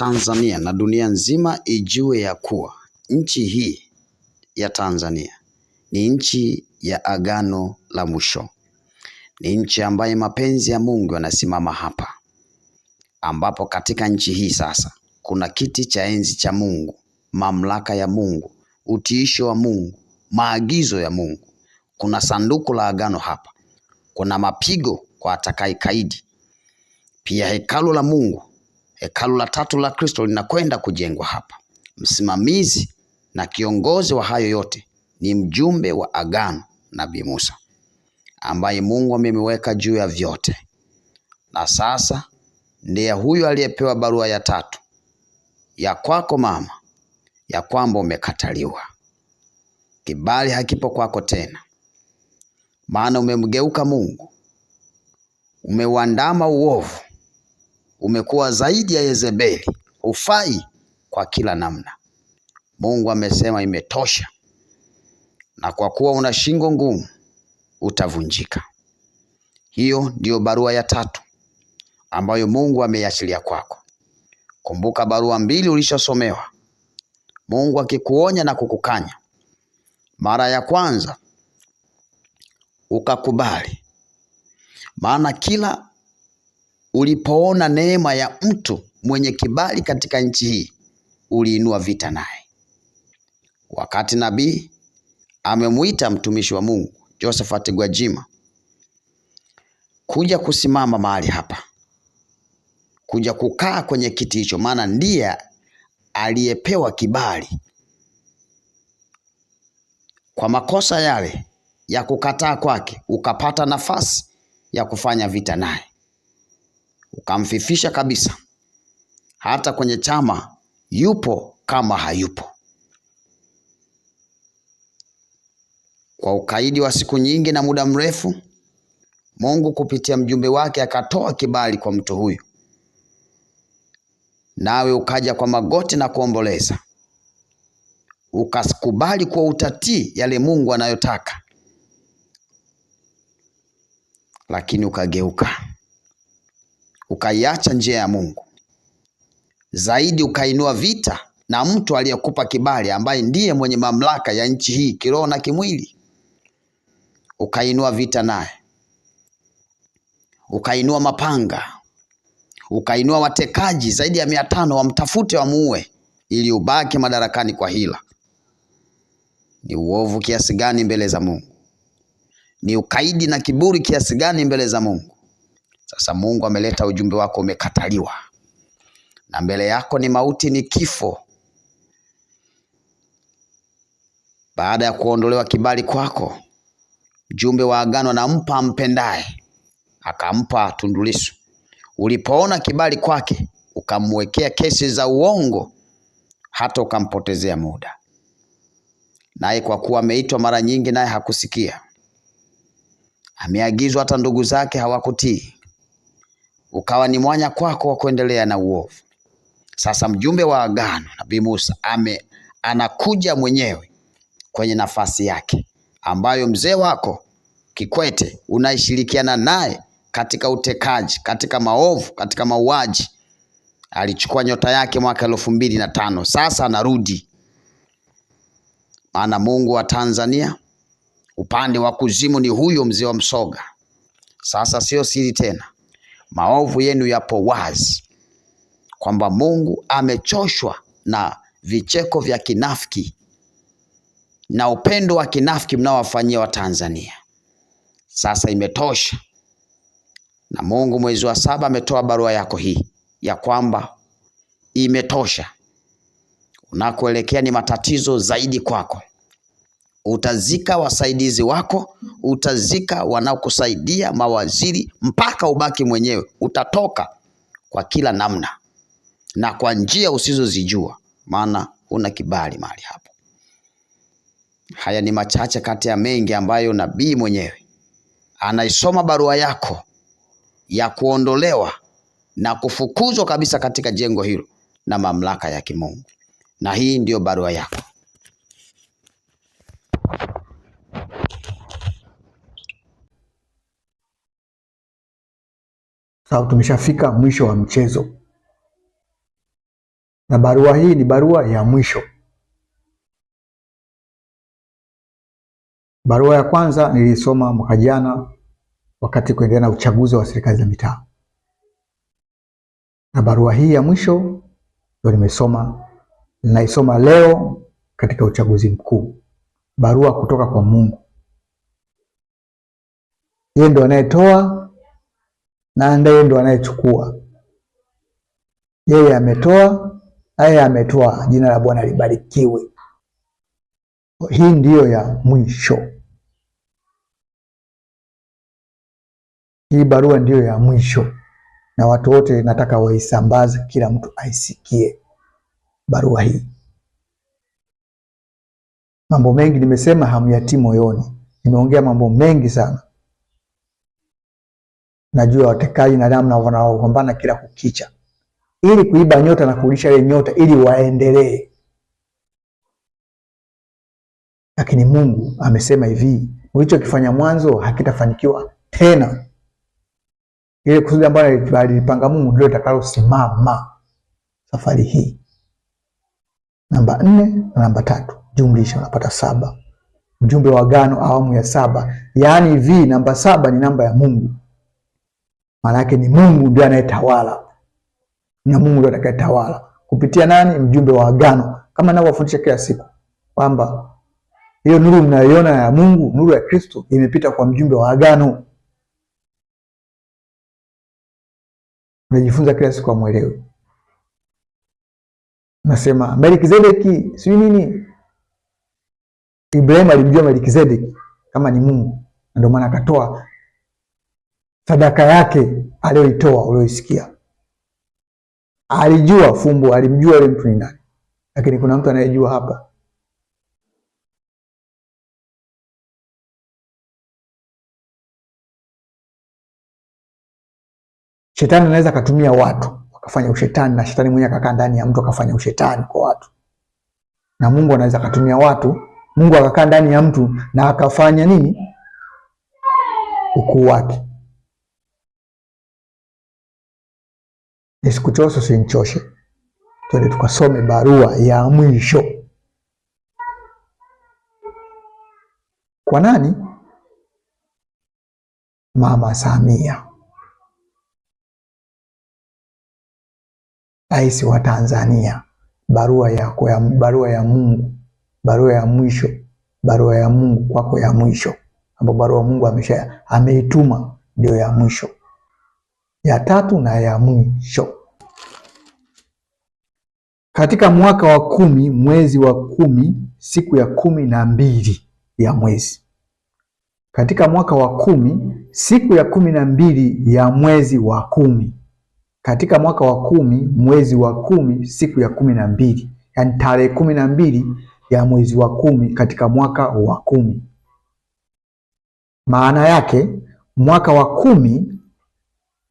Tanzania na dunia nzima ijue ya kuwa nchi hii ya Tanzania ni nchi ya agano la mwisho. Ni nchi ambaye mapenzi ya Mungu yanasimama hapa, ambapo katika nchi hii sasa kuna kiti cha enzi cha Mungu, mamlaka ya Mungu, utiisho wa Mungu, maagizo ya Mungu. Kuna sanduku la agano hapa, kuna mapigo kwa atakaye kaidi, pia hekalu la Mungu Hekalu la tatu la Kristo linakwenda kujengwa hapa. Msimamizi na kiongozi wa hayo yote ni mjumbe wa agano, Nabii Musa, ambaye Mungu amemweka juu ya vyote, na sasa ndiye huyo aliyepewa barua ya tatu ya kwako mama, ya kwamba umekataliwa, kibali hakipo kwako tena, maana umemgeuka Mungu, umeuandama uovu umekuwa zaidi ya Yezebeli, ufai kwa kila namna. Mungu amesema imetosha, na kwa kuwa una shingo ngumu utavunjika. Hiyo ndiyo barua ya tatu ambayo Mungu ameiachilia kwako. Kumbuka barua mbili ulishosomewa, Mungu akikuonya na kukukanya. Mara ya kwanza ukakubali, maana kila ulipoona neema ya mtu mwenye kibali katika nchi hii uliinua vita naye. Wakati nabii amemwita mtumishi wa Mungu Josephat Gwajima kuja kusimama mahali hapa, kuja kukaa kwenye kiti hicho, maana ndiye aliyepewa kibali kwa makosa yale ya kukataa kwake, ukapata nafasi ya kufanya vita naye ukamfifisha kabisa, hata kwenye chama yupo kama hayupo, kwa ukaidi wa siku nyingi na muda mrefu. Mungu kupitia mjumbe wake akatoa kibali kwa mtu huyu, nawe ukaja kwa magoti na kuomboleza, ukakubali kwa utatii yale Mungu anayotaka, lakini ukageuka ukaiacha njia ya Mungu, zaidi ukainua vita na mtu aliyekupa kibali, ambaye ndiye mwenye mamlaka ya nchi hii kiroho na kimwili, ukainua vita naye, ukainua mapanga, ukainua watekaji zaidi ya mia tano, wamtafute wamuue, ili ubaki madarakani kwa hila. Ni uovu kiasi gani mbele za Mungu! Ni ukaidi na kiburi kiasi gani mbele za Mungu! Sasa Mungu ameleta ujumbe wako umekataliwa, na mbele yako ni mauti, ni kifo. Baada ya kuondolewa kibali kwako, mjumbe wa agano anampa mpendaye, akampa Tundu Lissu. Ulipoona kibali kwake, ukamwekea kesi za uongo, hata ukampotezea muda, naye kwa kuwa ameitwa mara nyingi, naye hakusikia. Ameagizwa, hata ndugu zake hawakutii ukawa ni mwanya kwako wa kuendelea na uovu. Sasa mjumbe wa agano Nabii Musa ame anakuja mwenyewe kwenye nafasi yake ambayo mzee wako Kikwete unaishirikiana naye katika utekaji, katika maovu, katika mauaji. Alichukua nyota yake mwaka elfu mbili na tano. Sasa anarudi, maana Mungu wa Tanzania upande wa kuzimu ni huyo mzee wa Msoga. Sasa sio siri tena, maovu yenu yapo wazi, kwamba Mungu amechoshwa na vicheko vya kinafiki na upendo wa kinafiki mnaowafanyia Watanzania. Sasa imetosha, na Mungu mwezi wa saba ametoa barua yako hii ya kwamba imetosha, unakoelekea ni matatizo zaidi kwako. Utazika wasaidizi wako, utazika wanaokusaidia mawaziri, mpaka ubaki mwenyewe. Utatoka kwa kila namna na kwa njia usizozijua, maana una kibali mahali hapo. Haya ni machache kati ya mengi ambayo nabii mwenyewe anaisoma barua yako ya kuondolewa na kufukuzwa kabisa katika jengo hilo na mamlaka ya Kimungu, na hii ndiyo barua yako. sababu tumeshafika mwisho wa mchezo, na barua hii ni barua ya mwisho. Barua ya kwanza nilisoma mwaka jana wakati kuendelea na uchaguzi wa serikali za mitaa, na barua hii ya mwisho ndio nimesoma, ninaisoma leo katika uchaguzi mkuu. Barua kutoka kwa Mungu, yeye ndio anayetoa na ndiye ndo anayechukua. Yeye ametoa naye ametoa, jina la Bwana libarikiwe. Hii ndiyo ya mwisho, hii barua ndiyo ya mwisho, na watu wote nataka waisambaze, kila mtu aisikie barua hii. Mambo mengi nimesema hamyatii moyoni, nimeongea mambo mengi sana najua watekaji na namna wanaogombana kila kukicha ili kuiba nyota na kurudisha ile nyota ili waendelee. Lakini Mungu amesema hivi, mlichokifanya mwanzo hakitafanikiwa tena. Ile kusudi ambayo alipanga Mungu ndio litakalosimama safari hii. Namba nne na namba tatu jumlisha, unapata saba. Mjumbe wa agano awamu ya saba, yaani hivi, namba saba ni namba ya Mungu. Maana yake ni Mungu ndio anayetawala na Mungu ndio atakayetawala kupitia nani? Mjumbe wa agano, kama ninavyofundisha kila siku kwamba hiyo nuru mnayoiona ya Mungu, nuru ya Kristo imepita kwa mjumbe wa agano. Unajifunza kila siku, amwelewe. Nasema Melkizedeki sijui nini. Ibrahimu alimjua Melkizedeki kama ni Mungu, ndio maana akatoa sadaka yake aliyoitoa ulioisikia. Alijua fumbo, alimjua yule mtu ni nani, lakini kuna mtu anayejua hapa. Shetani anaweza akatumia watu wakafanya ushetani, na shetani mwenyewe akakaa ndani ya mtu akafanya ushetani kwa watu, na Mungu anaweza akatumia watu, Mungu akakaa ndani ya mtu na akafanya nini, ukuu wake Nisikuchoshe, usinichoshe, twende tukasome barua ya mwisho kwa nani? Mama Samia, rais wa Tanzania. Barua yako ya barua ya Mungu, barua ya mwisho, barua ya Mungu kwako ya mwisho, ambapo barua Mungu amesha ameituma, ndio ya mwisho ya tatu na ya mwisho. Katika mwaka wa kumi mwezi wa kumi siku ya kumi na mbili ya mwezi. Katika mwaka wa kumi siku ya kumi na mbili ya mwezi wa kumi. Katika mwaka wa kumi mwezi wa kumi siku ya kumi na mbili yaani tarehe kumi na mbili ya mwezi wa kumi katika mwaka wa kumi. Maana yake mwaka wa kumi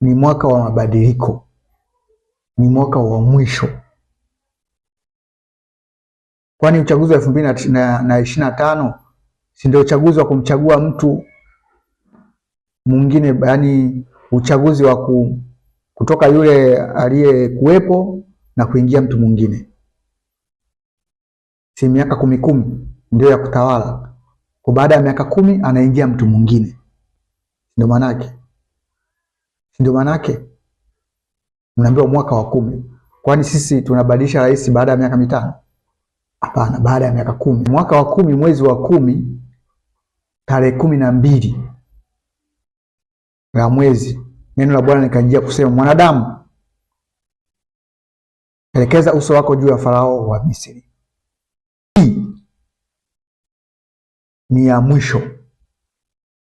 ni mwaka wa mabadiliko, ni mwaka wa mwisho, kwani uchaguzi wa elfu mbili na ishirini na tano si ndio uchaguzi wa kumchagua mtu mwingine, yaani uchaguzi wa ku, kutoka yule aliyekuwepo na kuingia mtu mwingine, si miaka kumi kumi ndio ya kutawala kwa baada ya miaka kumi anaingia mtu mwingine, ndio maanake ndio maana yake mnaambiwa mwaka wa kumi. Kwani sisi tunabadilisha rais baada ya miaka mitano? Hapana, baada ya miaka kumi. Mwaka wa kumi, mwezi wa kumi, tarehe kumi na mbili la mwezi, neno la Bwana likanijia kusema, mwanadamu, elekeza uso wako juu ya Farao wa Misri. Hii ni ya mwisho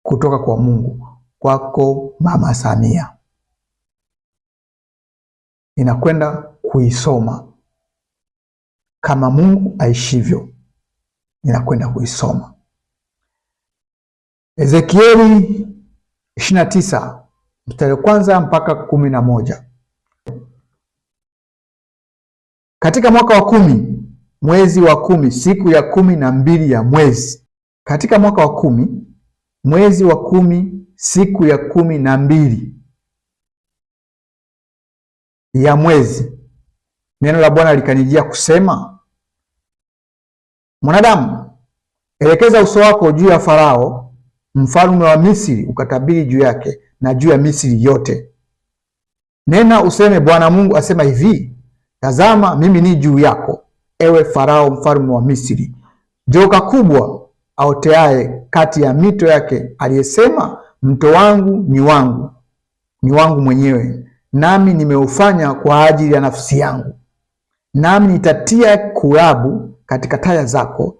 kutoka kwa Mungu kwako, Mama Samia inakwenda kuisoma kama Mungu aishivyo, inakwenda kuisoma Ezekieli 29 mstari kwanza mpaka kumi na moja. Katika mwaka wa kumi mwezi wa kumi siku ya kumi na mbili ya mwezi, katika mwaka wa kumi mwezi wa kumi siku ya kumi na mbili ya mwezi, neno la Bwana likanijia kusema, mwanadamu, elekeza uso wako juu ya Farao mfalme wa Misri, ukatabiri juu yake na juu ya Misri yote. Nena useme, Bwana Mungu asema hivi, tazama, mimi ni juu yako, ewe Farao mfalme wa Misri, joka kubwa aoteaye kati ya mito yake, aliyesema mto wangu ni wangu, ni wangu mwenyewe nami nimeufanya kwa ajili ya nafsi yangu, nami nitatia kurabu katika taya zako,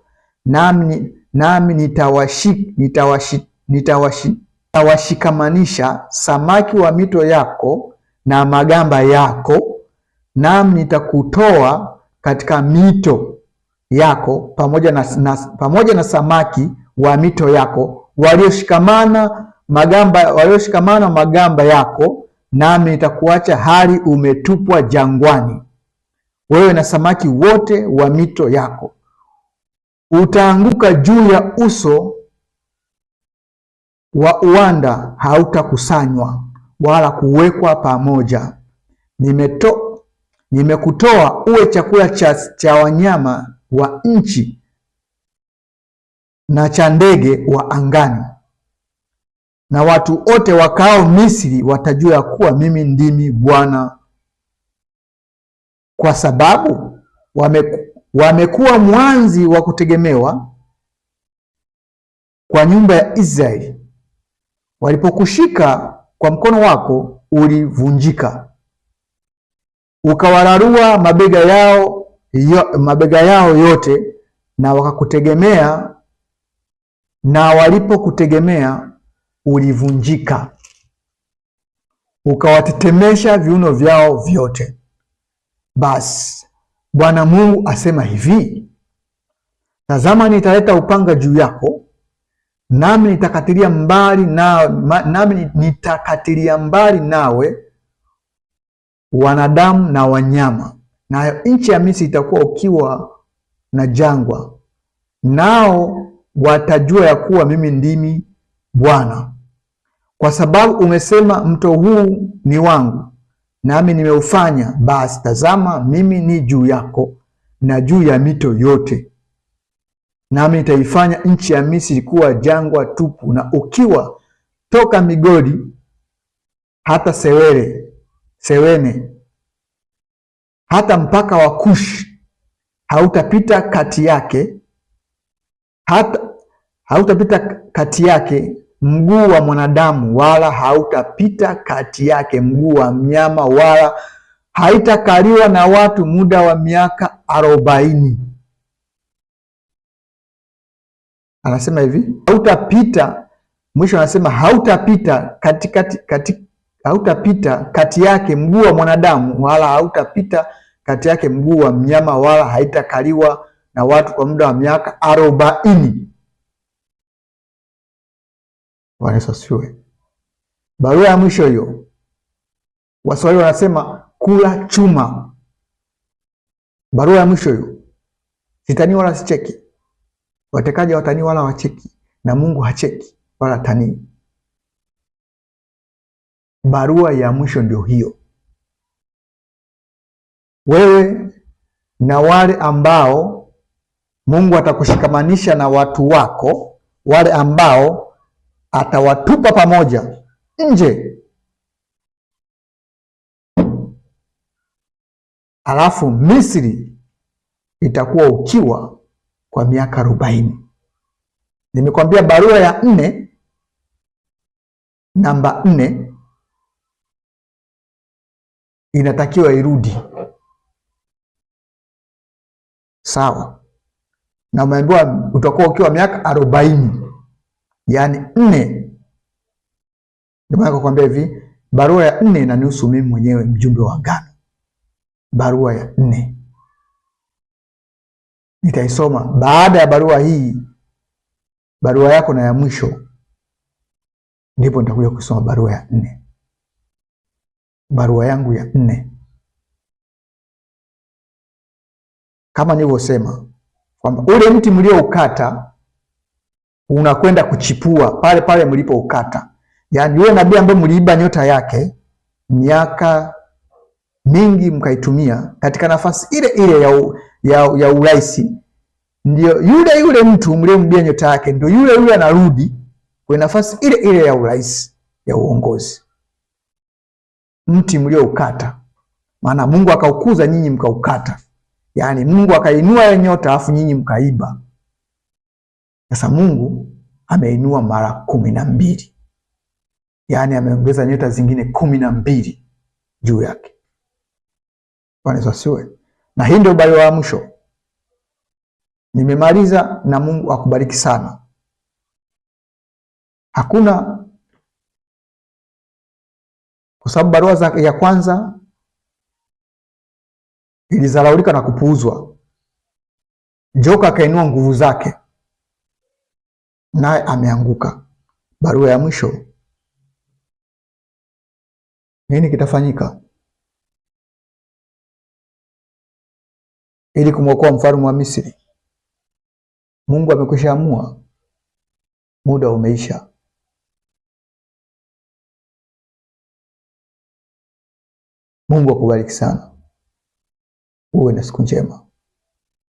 nami nami nitawashi, nitawashi, nitawashi, nitawashikamanisha samaki wa mito yako na magamba yako, nami nitakutoa katika mito yako pamoja na, na, pamoja na samaki wa mito yako walioshikamana magamba, walioshikamana magamba yako nami nitakuacha hali umetupwa jangwani, wewe na samaki wote wa mito yako. Utaanguka juu ya uso wa uwanda, hautakusanywa wala kuwekwa pamoja. Nimeto, nimekutoa uwe chakula cha, cha wanyama wa nchi na cha ndege wa angani na watu wote wakao Misri watajua ya kuwa mimi ndimi Bwana, kwa sababu wamekuwa mwanzi wa kutegemewa kwa nyumba ya Israeli. Walipokushika kwa mkono wako, ulivunjika, ukawararua mabega yao, yo, mabega yao yote, na wakakutegemea, na walipokutegemea ulivunjika, ukawatetemesha viuno vyao vyote. Basi Bwana Mungu asema hivi, tazama, nitaleta upanga juu yako, nami nitakatilia mbali na, nami nitakatilia mbali nawe wanadamu na wanyama, nayo nchi ya Misri itakuwa ukiwa na jangwa, nao watajua ya kuwa mimi ndimi Bwana kwa sababu umesema mto huu ni wangu, nami nimeufanya, basi tazama, mimi ni juu yako na juu ya mito yote, nami nitaifanya nchi ya Misri kuwa jangwa tupu na ukiwa, toka migodi hata sewere sewene, hata mpaka wa kush hautapita kati yake, hata hautapita kati yake mguu wa mwanadamu wala hautapita kati yake, mguu wa mnyama wala haitakaliwa na watu muda wa miaka arobaini. Anasema hivi hautapita, mwisho anasema hautapita katikati, kati, hautapita kati yake mguu wa mwanadamu wala hautapita kati yake mguu wa mnyama wala haitakaliwa na watu kwa muda wa miaka arobaini. Bwana Yesu asifiwe. Barua ya mwisho hiyo, Waswahili wanasema kula chuma. Barua ya mwisho hiyo, sitanii wala sicheki, watekaji watanii wala wacheki, na Mungu hacheki wala tanii. Barua ya mwisho ndio hiyo, wewe na wale ambao Mungu atakushikamanisha na watu wako, wale ambao atawatupa pamoja nje. Alafu Misri itakuwa ukiwa kwa miaka arobaini. Nimekwambia barua ya nne namba nne inatakiwa irudi, sawa? Na umeambiwa utakuwa ukiwa miaka arobaini yaani nne. Ndio maana nakwambia hivi, barua ya nne inanihusu mimi mwenyewe, mjumbe wa agano. Barua ya nne nitaisoma baada ya barua hii, barua yako na ya mwisho, ndipo nitakuja kusoma barua ya nne, barua yangu ya nne. Kama nilivyosema kwamba ule mti mlioukata unakwenda kuchipua pale pale mlipo ukata. Yaani yule nabii ambaye mliiba nyota yake miaka mingi mkaitumia katika nafasi ile ile ya, u, ya, ya urais, ndio yule yule mtu mliyemwibia nyota yake, ndio yule yule anarudi kwa nafasi ile ile ya urais ya uongozi, mti mlioukata. Maana Mungu akaukuza, nyinyi mkaukata. Yaani Mungu akainua ile nyota, afu nyinyi mkaiba. Sasa Mungu ameinua mara kumi na mbili, yaani ameongeza nyota zingine kumi na mbili juu yake. Bwana asiwe. Na hii ndio barua ya mwisho. Nimemaliza, na Mungu akubariki sana. Hakuna kwa sababu barua za ya kwanza ilizalaulika na kupuuzwa. Joka akainua nguvu zake naye ameanguka. Barua ya mwisho, nini kitafanyika ili kumwokoa mfalme wa Misri? Mungu amekwisha amua, muda umeisha. Mungu akubariki sana, uwe na siku njema.